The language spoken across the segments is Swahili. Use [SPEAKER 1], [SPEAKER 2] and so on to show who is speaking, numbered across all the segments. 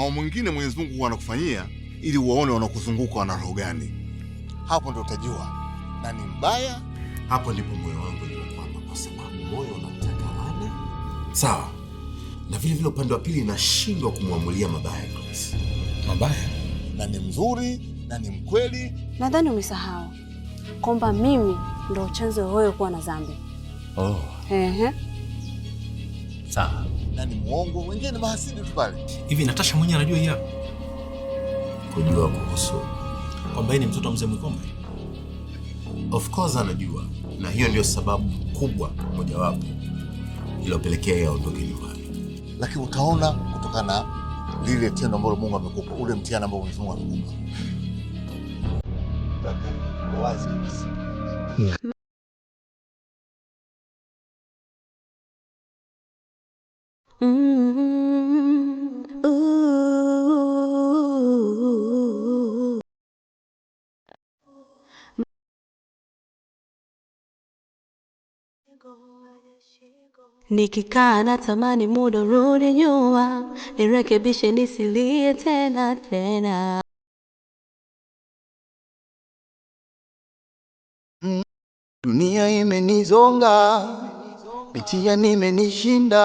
[SPEAKER 1] mambo mwingine Mwenyezi Mungu huwa anakufanyia ili uwaone wanakuzunguka wana roho gani. Hapo ndo utajua nani mbaya. Hapo ndipo moyo wangu uliokwama, kwa sababu moyo unataka ana sawa, na vile vile upande wa pili inashindwa kumwamulia mabaya Grace. Mabaya na ni mzuri na ni mkweli.
[SPEAKER 2] Nadhani umesahau kwamba mimi ndo chanzo wewe kuwa na dhambi. Oh. Ehe.
[SPEAKER 3] Sawa
[SPEAKER 1] nani mwongo, wengine mahasidi tu pale.
[SPEAKER 3] Hivi Natasha mwenyewe anajua hiyo hapa?
[SPEAKER 1] Kujua kuhusu
[SPEAKER 3] kwamba yeye ni mtoto wa mzee Mwikombe?
[SPEAKER 1] Of course anajua, na hiyo ndio sababu kubwa mojawapo iliyopelekea yeye aondoke nyumbani. Lakini utaona kutokana na lile tendo ambalo Mungu amekupa, ule mtihani ambao Mwenyezi Mungu amekupa.
[SPEAKER 4] Nikikaa tamani muda rudi nyuma, nirekebishe nisilie tena tena. Dunia imenizonga, mitia nimenishinda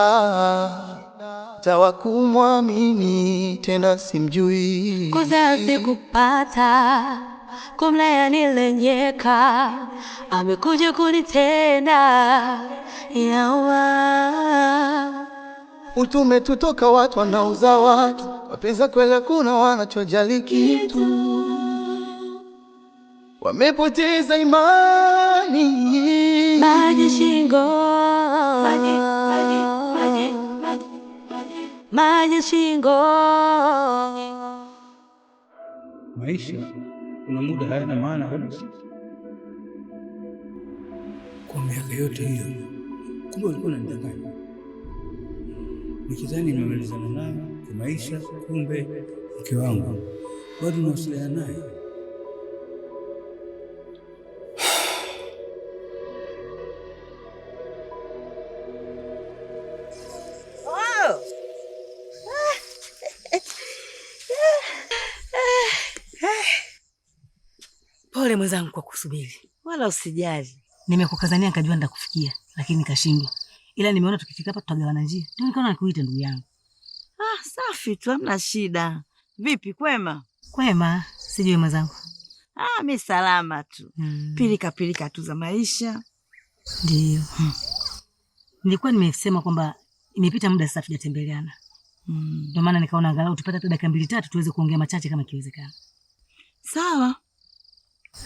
[SPEAKER 4] tawakumwamini kumwamini tena simjui,
[SPEAKER 5] kuzazi kupata kumlea nilenyeka, amekuja kunitenda yawa
[SPEAKER 4] utume tutoka watu wanauza watu wapenza kwela, kuna wanachojali kitu, wamepoteza imani
[SPEAKER 5] maji shingo, Maji shingo
[SPEAKER 3] maisha kuna muda hayana maana kabisa. Kwa miaka yote hiyo, kumbe walikuwa wananidanganya, nikidhani nimemalizana naye kimaisha, kumbe mke wangu bado nawasiliana naye.
[SPEAKER 6] subiri,
[SPEAKER 7] wala usijali.
[SPEAKER 8] Nimekukazania nikajua nitakufikia, lakini nikashindwa, ila nimeona tukifika hapa tutagawana njia, ndio nikaona nikuite ndugu yangu.
[SPEAKER 7] Ah, safi tu, hamna shida. Vipi, kwema?
[SPEAKER 8] Kwema, sijui wema zangu.
[SPEAKER 7] Ah, mi salama tu hmm. Pilika pilika tu za maisha
[SPEAKER 8] ndio hmm. Nilikuwa nimesema kwamba imepita muda sasa tujatembeleana hmm. ndio hmm. Maana nikaona angalau tupata hata dakika mbili tatu tuweze kuongea machache kama ikiwezekana.
[SPEAKER 7] Sawa,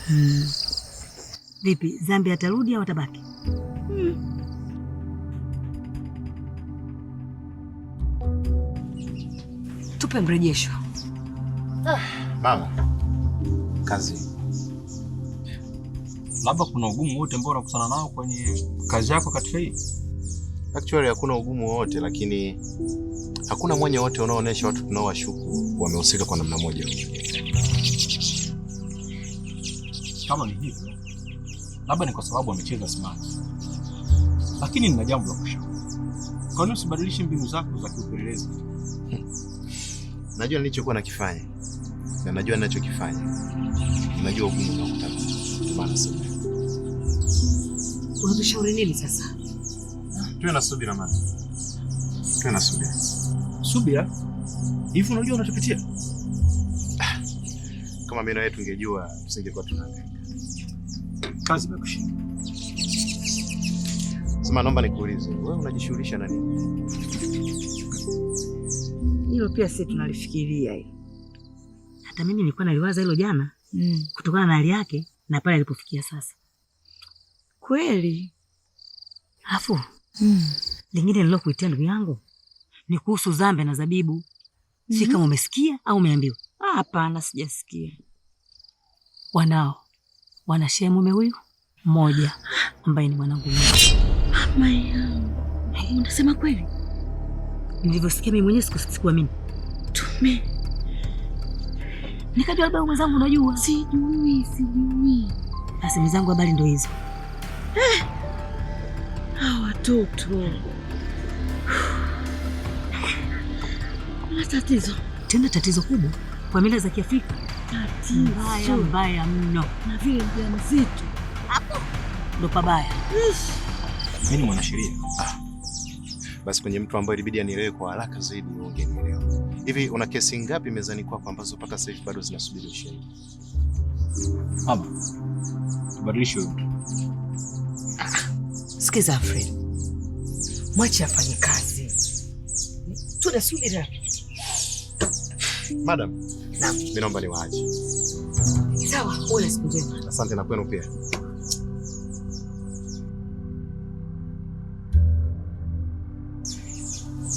[SPEAKER 7] Hmm.
[SPEAKER 8] Vipi, Zambia atarudi au atabaki? Hmm. Tupe mrejesho.
[SPEAKER 9] Ah, mama kazi,
[SPEAKER 3] labda kuna ugumu wote ambao unakutana nao kwenye kazi yako katika hii?
[SPEAKER 9] Actually hakuna ugumu wote lakini hakuna mwenye wote unaoonyesha watu tunaowashuku wamehusika kwa namna moja
[SPEAKER 3] kama ni hivyo, labda ni kwa sababu amecheza smart. Lakini nina jambo la kushauri, kwa nini usibadilishe mbinu zako za kiupelelezi?
[SPEAKER 9] Najua nilichokuwa nakifanya na najua ninachokifanya, najua ugumu unaokutana nao.
[SPEAKER 8] Unatushauri nini sasa?
[SPEAKER 9] Tuwe na subira mama. Tuwe na subira.
[SPEAKER 3] Subira? Hivi unajua unachopitia?
[SPEAKER 9] Ah, kama mimi na wewe tungejua tusingekuwa tunaangalia
[SPEAKER 3] kazi imekushinda.
[SPEAKER 9] Sema, naomba nikuulize, wewe unajishughulisha na nini?
[SPEAKER 7] Hilo pia sisi tunalifikiria hilo.
[SPEAKER 8] Hata mimi nilikuwa naliwaza hilo jana mm, kutokana na hali yake na pale alipofikia sasa.
[SPEAKER 7] Kweli.
[SPEAKER 8] Alafu mm, lingine nilokuitia ndugu yangu ni kuhusu zambe na zabibu. Si mm-hmm. kama umesikia au umeambiwa? Hapana, sijasikia. Wanao shehe mume huyu mmoja ambaye ni mwanangu.
[SPEAKER 7] Mama yangu,
[SPEAKER 8] unasema kweli? Nilivyosikia mimi mwenyewe sikuamini. Tume nikajua labda mwenzangu, unajua
[SPEAKER 7] sijui, sijui.
[SPEAKER 8] Basi mwenzangu, habari ndio hizo eh.
[SPEAKER 7] Hawa watoto kuna tatizo
[SPEAKER 8] tena, tatizo kubwa kwa mila za Kiafrika
[SPEAKER 7] tatizo
[SPEAKER 8] mbaya mno
[SPEAKER 7] na vile mzito
[SPEAKER 8] hapo ndo pabaya.
[SPEAKER 3] Mimi ni mwanasheria. Ah.
[SPEAKER 9] Basi kwenye mtu ambaye ilibidi anielewe kwa haraka zaidi ungenielewa. Hivi una kesi ngapi mezani kwako ambazo mpaka sasa hivi bado zinasubiri ushahidi?
[SPEAKER 3] Hapo. Tubadilishe mtu.
[SPEAKER 8] Sikiza Afrey. Mwache afanye kazi. Tunasubiri.
[SPEAKER 9] Madam, Naam. Mimi naomba niwaache.
[SPEAKER 8] Sawa, una siku njema.
[SPEAKER 9] Asante na kwenu pia.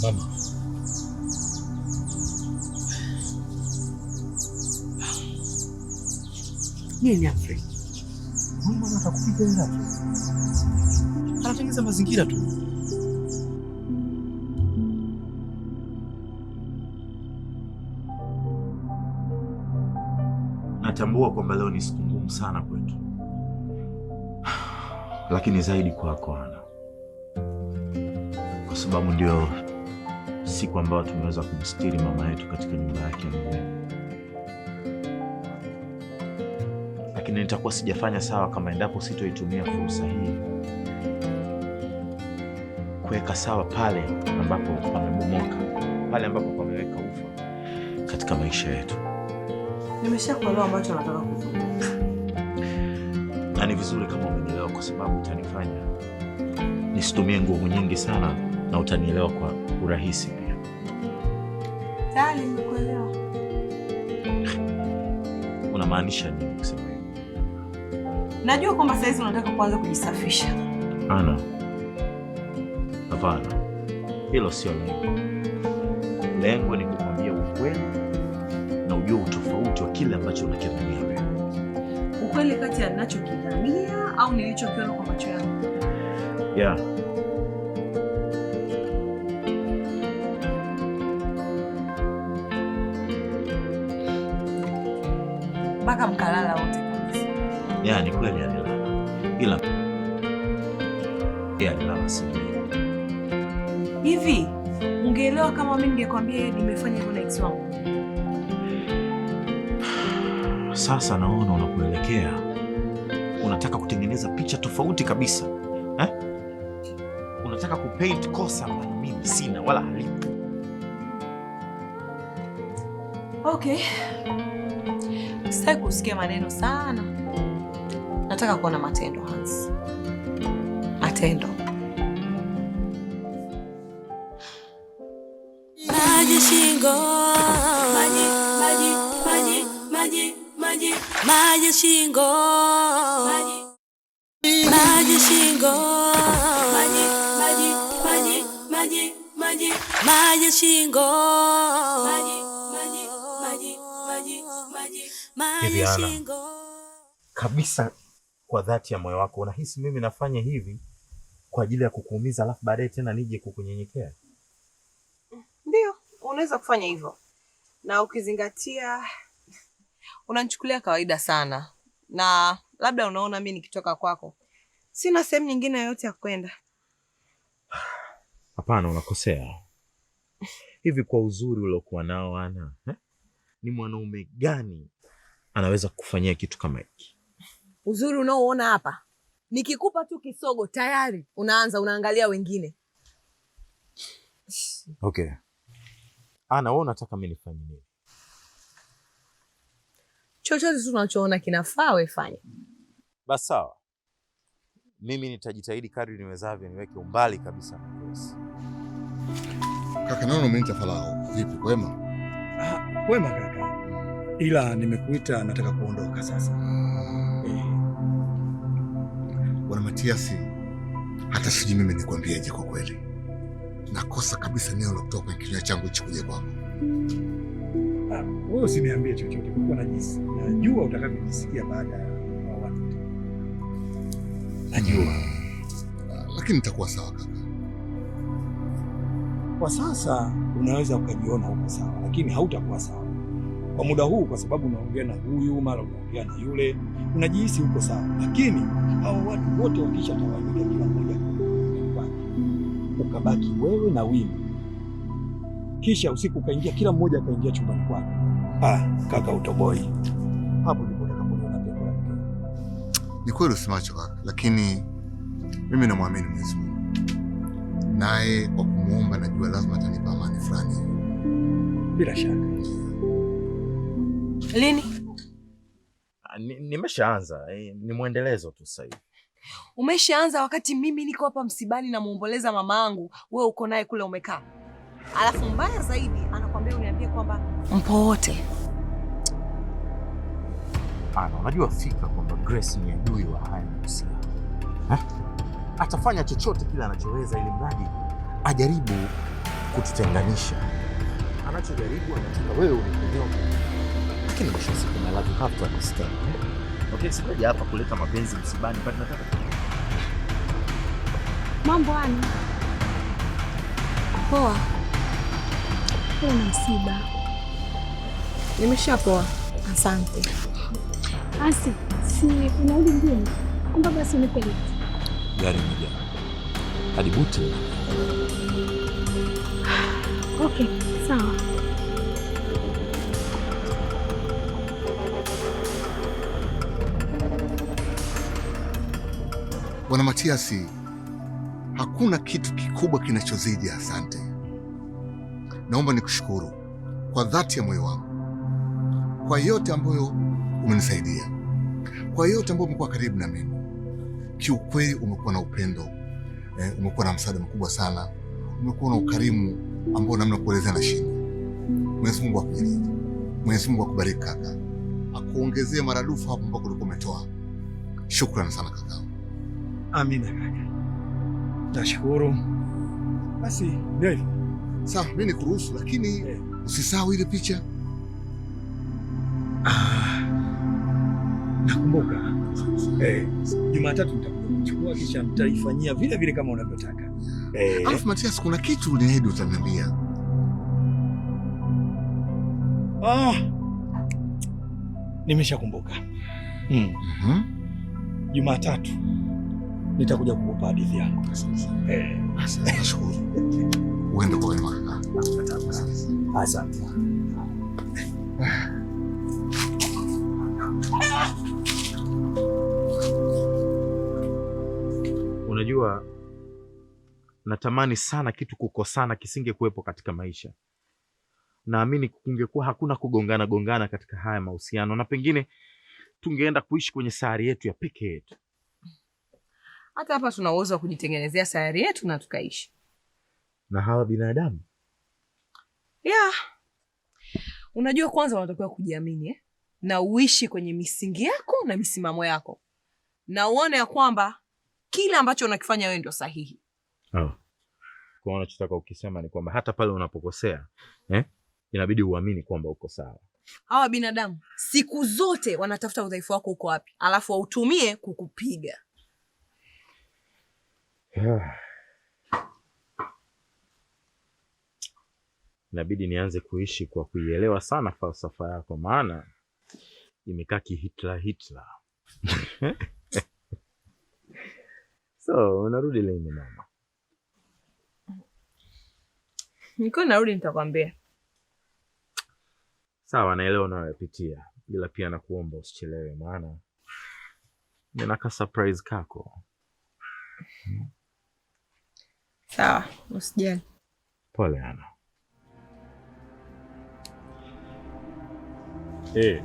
[SPEAKER 3] Mama.
[SPEAKER 8] Nini Afri? Mama atakupiga ngapi? Anatengeneza mazingira tu.
[SPEAKER 3] Natambua kwamba leo ni siku ngumu sana kwetu, lakini zaidi kwako Ana, kwa sababu ndio siku ambayo tumeweza kumstiri mama yetu katika nyumba yake mwenyewe. Lakini nitakuwa sijafanya sawa kama endapo sitoitumia fursa hii kuweka sawa pale ambapo pamebomoka, pale ambapo pameweka ufa katika maisha yetu.
[SPEAKER 7] Nimeshakuelewa ambacho nataka kuzungumza.
[SPEAKER 3] Na ni vizuri kama umenielewa, kwa sababu utanifanya nisitumie nguvu nyingi sana na utanielewa kwa urahisi pia.
[SPEAKER 7] Tayari nimekuelewa.
[SPEAKER 3] Unamaanisha nini kusema hivyo?
[SPEAKER 7] Najua kwamba saa hizi unataka kuanza kujisafisha.
[SPEAKER 3] Ana, hapana, hilo sio lengo. Lengo ni kukwambia ukweli unajua utofauti wa kile ambacho unakiamini wewe,
[SPEAKER 7] ukweli kati ya ninachokidhania au nilichokiona kwa macho yangu. Yeah. mpaka mkalala wote kabisa.
[SPEAKER 3] Yeah, ni kweli alilala, ila yeah, alilala si
[SPEAKER 7] hivi. Ungeelewa kama mimi ningekwambia yeye nimefanya hivyo na ex wangu
[SPEAKER 3] sasa naona unakuelekea, unataka kutengeneza picha tofauti kabisa eh? Unataka kupaint kosa ambalo mimi sina wala halipo.
[SPEAKER 7] Okay, sitaki kusikia maneno sana, nataka kuona matendo Hans, matendo
[SPEAKER 5] shingo maji shingo, maji shingo, maji maji shingo,
[SPEAKER 10] maji
[SPEAKER 3] shingo kabisa. Kwa dhati ya moyo wako unahisi mimi nafanya hivi kwa ajili ya kukuumiza, alafu baadaye tena nije kukunyenyekea?
[SPEAKER 7] Ndio, unaweza kufanya hivyo na ukizingatia unanichukulia kawaida sana, na labda unaona mi nikitoka kwako sina sehemu nyingine yoyote ya kwenda.
[SPEAKER 3] Hapana, unakosea. Hivi kwa uzuri uliokuwa nao Ana eh? ni mwanaume gani anaweza kufanyia kitu kama hiki?
[SPEAKER 7] Uzuri unaoona hapa, nikikupa tu kisogo tayari unaanza unaangalia wengine.
[SPEAKER 3] Okay Ana, wewe unataka mimi nifanye nini?
[SPEAKER 7] chochote tu unachoona kinafaa wefanye. fanya.
[SPEAKER 3] Basi sawa, mimi nitajitahidi kadri niwezavyo niweke umbali kabisa na Grace.
[SPEAKER 1] Kaka Nono, umeita Farao vipi? Kwema?
[SPEAKER 3] Ah, kwema kaka, ila nimekuita, nataka kuondoka sasa. Eh,
[SPEAKER 1] bwana Matiasi, hata sijui mimi nikwambiaje kwa kweli, nakosa kabisa neno la kutoka kwenye kinywa changu hichi kuja kwako
[SPEAKER 3] wewe usiniambie chochote, kwa na najua utakavyojisikia baada ya mauaji. Najua,
[SPEAKER 1] lakini nitakuwa sawa kaka.
[SPEAKER 3] Kwa sasa unaweza ukajiona uko sawa, lakini hautakuwa sawa kwa muda huu, kwa sababu unaongea na huyu mara unaongea na yule, unajihisi uko sawa, lakini hao watu wote wakisha tawanyika, kila mmoja ukabaki wewe na wimi, kisha usiku ukaingia, kila mmoja akaingia chumbani kwake
[SPEAKER 1] Ah, kaka utoboi.
[SPEAKER 3] Hapo ndipo utakaponiona pengo la mke.
[SPEAKER 1] Ni kweli usimacho kaka, lakini mimi namwamini Mwenyezi Mungu. Naye kwa kumuomba najua lazima atanipa amani fulani.
[SPEAKER 3] Bila shaka. Lini? Ah, nimeshaanza, eh, ni mwendelezo tu sasa hivi.
[SPEAKER 7] Umeshaanza wakati mimi niko hapa msibani na muomboleza mamaangu, wewe uko naye kule umekaa alafu mbaya zaidi anakwambia uniambie kwamba mpo wote.
[SPEAKER 3] Ana unajua fika kwamba Grace ni adui wa haya mahusiano, atafanya chochote kile anachoweza ili mradi ajaribu kututenganisha. Anachojaribu anataka wewe unikonyoka, lakini mwisho siku na love have to understand. Eh? Okay, sikuja hapa kuleta mapenzi msibani, bali nataka
[SPEAKER 7] mambo ani poa Uko na msiba? Nimeshapoa, asante. Asi, si kuna unarudi mjini? Kumbe basi unipe
[SPEAKER 3] Gari moja hadi buti.
[SPEAKER 7] Okay, sawa.
[SPEAKER 1] Bwana Matiasi, hakuna kitu kikubwa kinachozidi asante naomba nikushukuru kwa dhati ya moyo wangu kwa yote ambayo umenisaidia, kwa yote ambayo umekuwa karibu na mimi. Kiukweli umekuwa na upendo e, umekuwa na msaada mkubwa sana, umekuwa na ukarimu ambao namna kuelezea na shinda. Mwenyezi Mungu akubariki, Mwenyezi Mungu akubariki kaka, akuongezee maradufu hapo ambako ulikuwa umetoa. Shukrani sana kaka.
[SPEAKER 3] Amina kaka, nashukuru. Basi ndio
[SPEAKER 1] Sawa, mimi nikuruhusu, lakini eh. usisahau ile picha.
[SPEAKER 3] Ah, nakumbuka. Eh, Jumatatu nitakuchukua kisha nitaifanyia vile vile kama unavyotaka.
[SPEAKER 1] Eh. Alafu Matias, kuna kitu uliniahidi utaniambia.
[SPEAKER 3] Ah, nimeshakumbuka. Mm. Mhm. Jumatatu nitakuja kukupa hadithi yangu.
[SPEAKER 1] Eh, asante. Nashukuru. uende kwa wema.
[SPEAKER 3] Asante. Unajua, natamani sana kitu kukosana kisingekuwepo katika maisha. Naamini kungekuwa hakuna kugongana gongana katika haya mahusiano, na pengine tungeenda kuishi kwenye sayari yetu ya peke yetu.
[SPEAKER 7] Hata hapa tuna uwezo wa kujitengenezea sayari yetu na tukaishi
[SPEAKER 3] na hawa binadamu
[SPEAKER 7] yeah. Unajua, kwanza unatakiwa kujiamini eh? na uishi kwenye misingi yako na misimamo yako na uone ya kwamba kile ambacho unakifanya wewe ndio sahihi
[SPEAKER 3] oh. Kwa unachotaka ukisema ni kwamba hata pale unapokosea eh? inabidi uamini kwamba uko sawa.
[SPEAKER 7] Hawa binadamu siku zote wanatafuta udhaifu wako uko wapi, alafu wautumie kukupiga yeah.
[SPEAKER 3] inabidi nianze kuishi kwa kuielewa sana falsafa yako, maana imekaa kihitla hitla. So unarudi lini mama?
[SPEAKER 7] Nikiwa narudi nitakwambia.
[SPEAKER 3] Sawa, naelewa unayopitia, ila pia nakuomba usichelewe, maana ninaka surprise kako.
[SPEAKER 7] Sawa, usijali.
[SPEAKER 3] Pole Ana. Eh.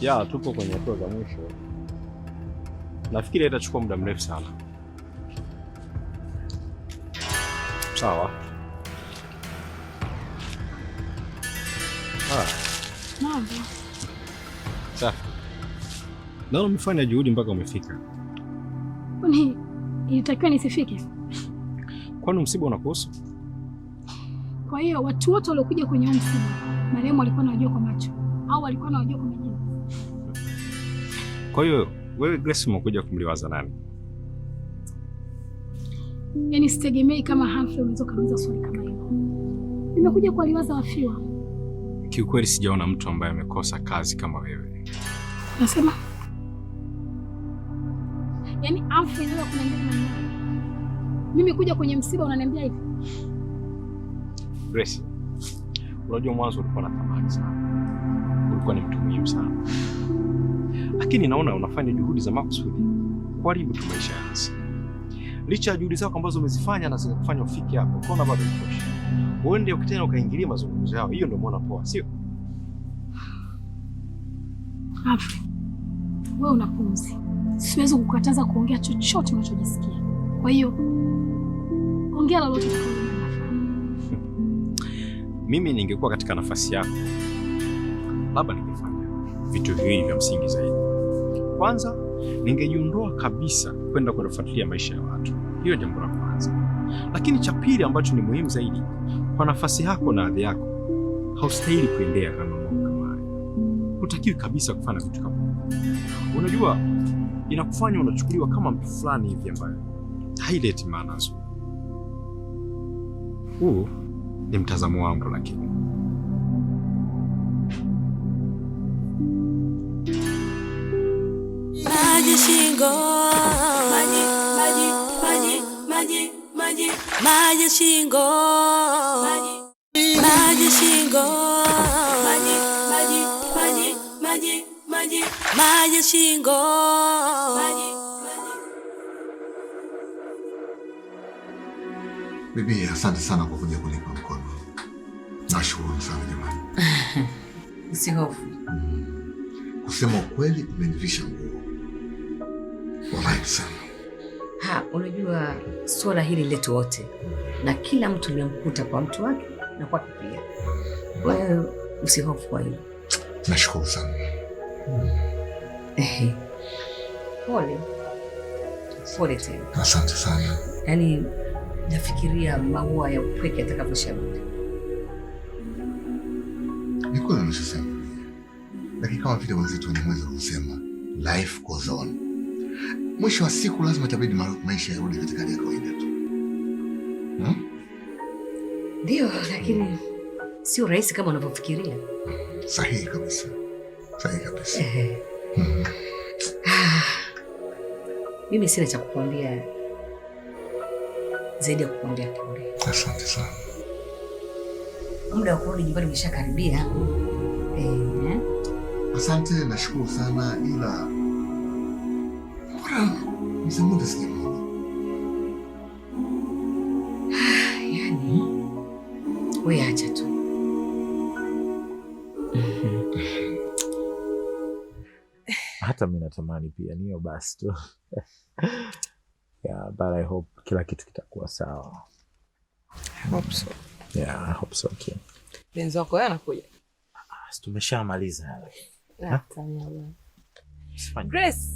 [SPEAKER 3] Ya tupo kwenye hatua za mwisho, nafikiri itachukua muda mrefu sana. Sawa. Ah. Safi. Naona umefanya juhudi mpaka umefika.
[SPEAKER 7] Kwani ilitakiwa nisifike?
[SPEAKER 3] Kwani msiba unakuhusu?
[SPEAKER 7] Kwa hiyo watu wote waliokuja kwenye huu msiba marehemu alikuwa anawajua kwa macho au alikuwa anawajua kwa majina.
[SPEAKER 3] Kwa hiyo wewe Grace umekuja kumliwaza nani?
[SPEAKER 7] Yaani sitegemei kama Humphrey unaweza kuuliza swali kama hilo. Nimekuja kuwaliwaza wafiwa.
[SPEAKER 3] Kiukweli sijaona mtu ambaye amekosa kazi kama wewe.
[SPEAKER 7] Nasema yaani Humphrey kuna kuniambia mimi kuja kwenye msiba unaniambia hivi?
[SPEAKER 3] Grace, unajua mwanzo ulikuwa na thamani sana, ulikuwa ni mtu muhimu sana, lakini naona unafanya juhudi za makusudi kuharibu tu maisha yangu. Licha ya juhudi zako ambazo umezifanya na zikakufanya ufike hapo, ukaona bado haitoshi, uende tena ukaingilia mazungumzo yao. Hiyo ndio maana poa, sio
[SPEAKER 7] wewe una pumzi. Siwezi kukataza kuongea chochote unachojisikia, kwa hiyo ongea lolote
[SPEAKER 3] mimi ningekuwa katika nafasi yako, labda ningefanya vitu viwili vya msingi zaidi. Kwanza, ningejiondoa kabisa kwenda kufuatilia maisha ya watu. Hiyo jambo la kwanza. Lakini cha pili ambacho ni muhimu zaidi, kwa nafasi yako na hadhi yako, haustahili kuendea kama mambo kama Hutakiwi kabisa kufanya vitu kama Unajua, inakufanya unachukuliwa kama mtu fulani hivi ambayo haileti maana nzuri ni mtazamo wangu, lakini maji shingo, maji, shingo,
[SPEAKER 1] maji shingo, maji, shingo, Bibi, asante sana kwa kuja kunipa Nashukuru sana jamani.
[SPEAKER 7] Usihofu. Mm.
[SPEAKER 1] Kusema ukweli umenivisha nguo. Wallahi sana.
[SPEAKER 7] Ha, unajua swala hili letu wote na kila mtu linamkuta kwa mtu wake na kwake pia. Kwa hiyo usihofu kwa hilo.
[SPEAKER 1] Nashukuru sana. Mm.
[SPEAKER 7] Pole. Pole tena.
[SPEAKER 1] Asante sana.
[SPEAKER 7] Yaani nafikiria maua ya upweke atakavyoshamiri.
[SPEAKER 1] Ni kweli unachosema, lakini kama vile wenzetu wenye mweza kusema life goes on, mwisho wa siku lazima itabidi maisha yarudi katika hali ya kawaida tu, hmm?
[SPEAKER 7] ndio hmm? Lakini sio rahisi kama unavyofikiria.
[SPEAKER 1] Hmm, sahihi kabisa, sahihi kabisa. Hmm.
[SPEAKER 7] Mimi sina cha kukuambia zaidi ya kukuambia pole.
[SPEAKER 1] Asante sana
[SPEAKER 7] muda wa kurudi nyumbani umeshakaribia. Eh,
[SPEAKER 1] eh. asante, nashukuru sana, ila bora mzungumze siku moja.
[SPEAKER 7] Yani wewe acha tu
[SPEAKER 3] hata mimi natamani pia niyo basi tu yeah, but I hope kila kitu kitakuwa sawa. I hope so. Yeah, I hope so too.
[SPEAKER 7] Benzo wako anakuja.
[SPEAKER 3] Ah, tumeshamaliza yale.
[SPEAKER 7] Grace.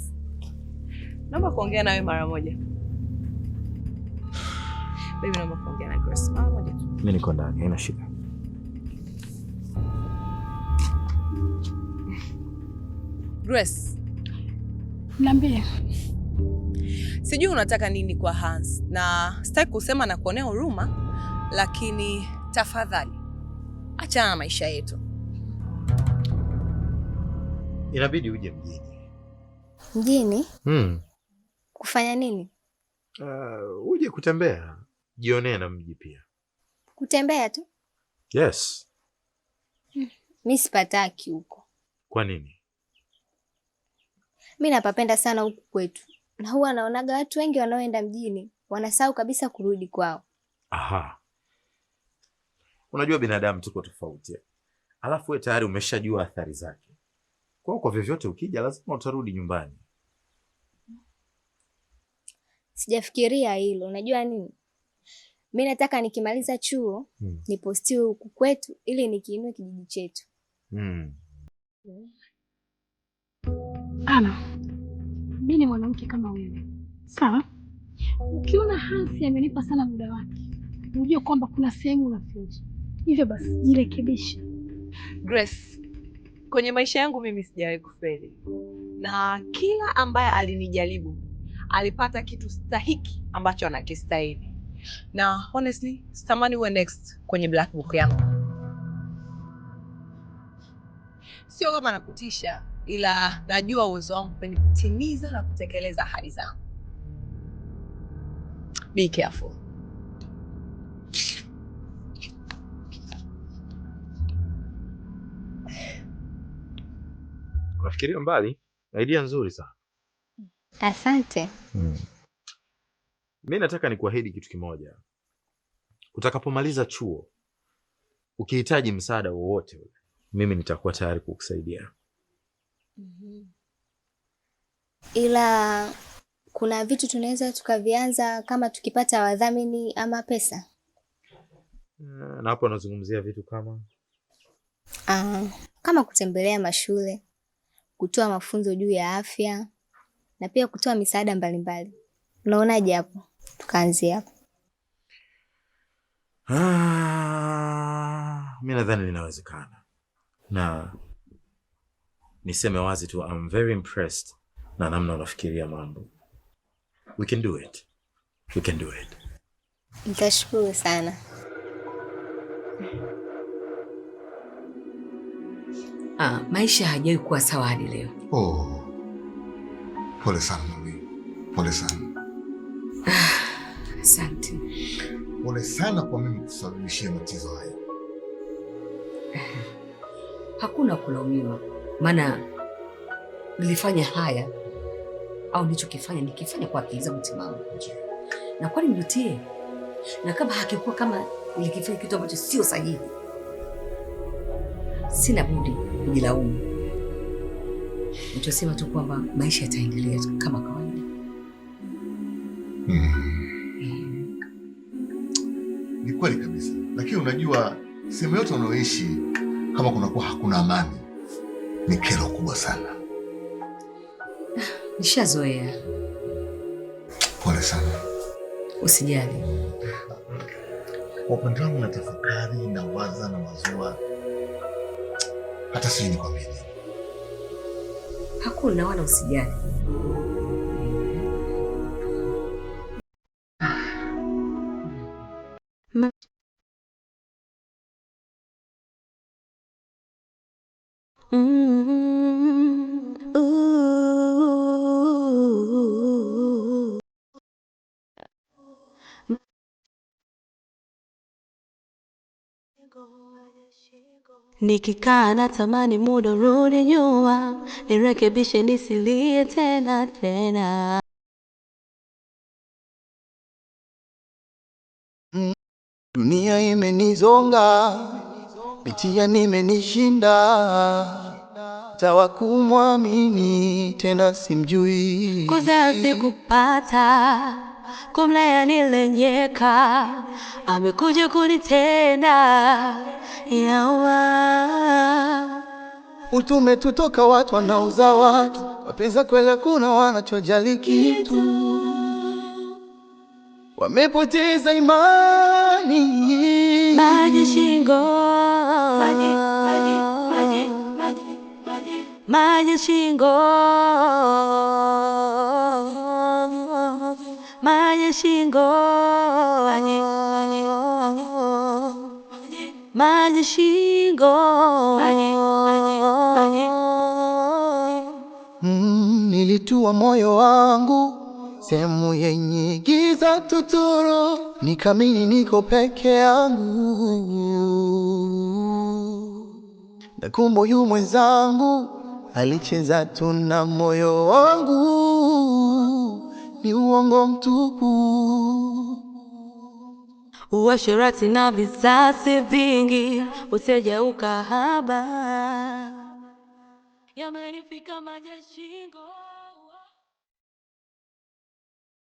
[SPEAKER 7] Naomba kuongea mara moja. Baby, naomba kuongea na Grace mara moja. Mimi
[SPEAKER 3] niko ndani, haina shida.
[SPEAKER 7] Grace. Niambie. Sijui unataka nini kwa Hans na sitaki kusema na kuonea huruma lakini tafadhali achana na maisha yetu.
[SPEAKER 3] Inabidi uje mjini.
[SPEAKER 8] Mjini? Hmm. Kufanya nini?
[SPEAKER 3] Uh, uje kutembea, jionee na mji pia.
[SPEAKER 8] Kutembea tu? Yes. Hmm. Mi sipataki huko. Kwa nini? Mi napapenda sana huku kwetu, na huwa naonaga watu wengi wanaoenda mjini wanasahau kabisa kurudi kwao.
[SPEAKER 3] Aha. Unajua binadamu tuko tofauti, alafu wewe tayari umeshajua athari zake. Kwa hiyo kwa vyovyote ukija, lazima utarudi nyumbani.
[SPEAKER 8] Sijafikiria hilo. Unajua nini, mi nataka nikimaliza chuo hmm, nipostiwe huku kwetu ili nikiinue kijiji chetu
[SPEAKER 3] hmm.
[SPEAKER 7] Ana, mi ni mwanamke kama wewe sawa. Ukiona Hansi amenipa sana muda wake, unajua kwamba kuna sehemu unaficha Hivyo basi jirekebishe Grace. Kwenye maisha yangu mimi sijawahi kufeli, na kila ambaye alinijaribu alipata kitu stahiki ambacho anakistahili, na honestly sitamani uwe next kwenye black book yangu. Sio kama nakutisha, ila najua uwezo wangu kwenye kutimiza na kutekeleza ahadi zangu. Be careful.
[SPEAKER 3] kufikiria mbali, idea nzuri sana.
[SPEAKER 8] Asante. Hmm.
[SPEAKER 3] Mi nataka nikuahidi kitu kimoja, utakapomaliza chuo ukihitaji msaada wowote, mimi nitakuwa tayari kukusaidia. mm -hmm.
[SPEAKER 8] Ila kuna vitu tunaweza tukavianza kama tukipata wadhamini ama pesa.
[SPEAKER 3] Na hapo unazungumzia vitu kama
[SPEAKER 8] uh, kama kutembelea mashule kutoa mafunzo juu ya afya na pia kutoa misaada mbalimbali. Unaonaje hapo? Tukaanzia hapo.
[SPEAKER 3] Ah, mi nadhani linawezekana na niseme wazi tu, I'm very impressed na namna unafikiria mambo. We can do it. We can do it.
[SPEAKER 8] Nitashukuru sana.
[SPEAKER 7] Ah, maisha hajawahi kuwa sawa hadi leo.
[SPEAKER 1] Oh. Pole sana mimi. Pole sana.
[SPEAKER 7] Ah, asante. Ah,
[SPEAKER 1] pole sana kwa mimi kusababishia matizo haya.
[SPEAKER 7] Hakuna kulaumiwa, maana nilifanya haya au nilichokifanya nikifanya kwa akili zangu timamu, na kwani nijutie? Na kama hakikuwa kama nilikifanya kitu ambacho sio sahihi, sina budi kujilaumu. Nichosema tu kwamba maisha yataendelea kama kawaida. Mm.
[SPEAKER 1] Ni kweli kabisa, lakini unajua sehemu yote unaoishi kama kunakuwa hakuna amani ni kero kubwa sana.
[SPEAKER 7] Nishazoea. Pole sana. Usijali.
[SPEAKER 3] Kwa upande wangu natafakari na waza na wazua
[SPEAKER 1] hata sijui nikwambie nini.
[SPEAKER 7] Hakuna, wala usijali.
[SPEAKER 5] Nikikaa tamani muda rudi nyuma, nirekebishe nisilie tena tena.
[SPEAKER 4] Dunia imenizonga, mitihani imenishinda, tawakumwamini tena simjui
[SPEAKER 5] kuzazi kupata kumla yanilenyeka, amekuja kunitenda yawa.
[SPEAKER 4] Utume tutoka watu wanauza watu, wapenza kwela kuna wanachojali kitu, wamepoteza imani.
[SPEAKER 5] Maji shingo,
[SPEAKER 10] maji, maji, maji, maji,
[SPEAKER 5] maji shingo manye shingo manye shingo
[SPEAKER 4] mm, nilitua moyo wangu sehemu yenye giza tuturu, nikamini niko peke yangu, na kumbe yu mwenzangu alicheza tu na moyo wangu ni uongo mtupu.
[SPEAKER 5] Uasherati na visasi vingi, useja ukahaba, yamenifika maji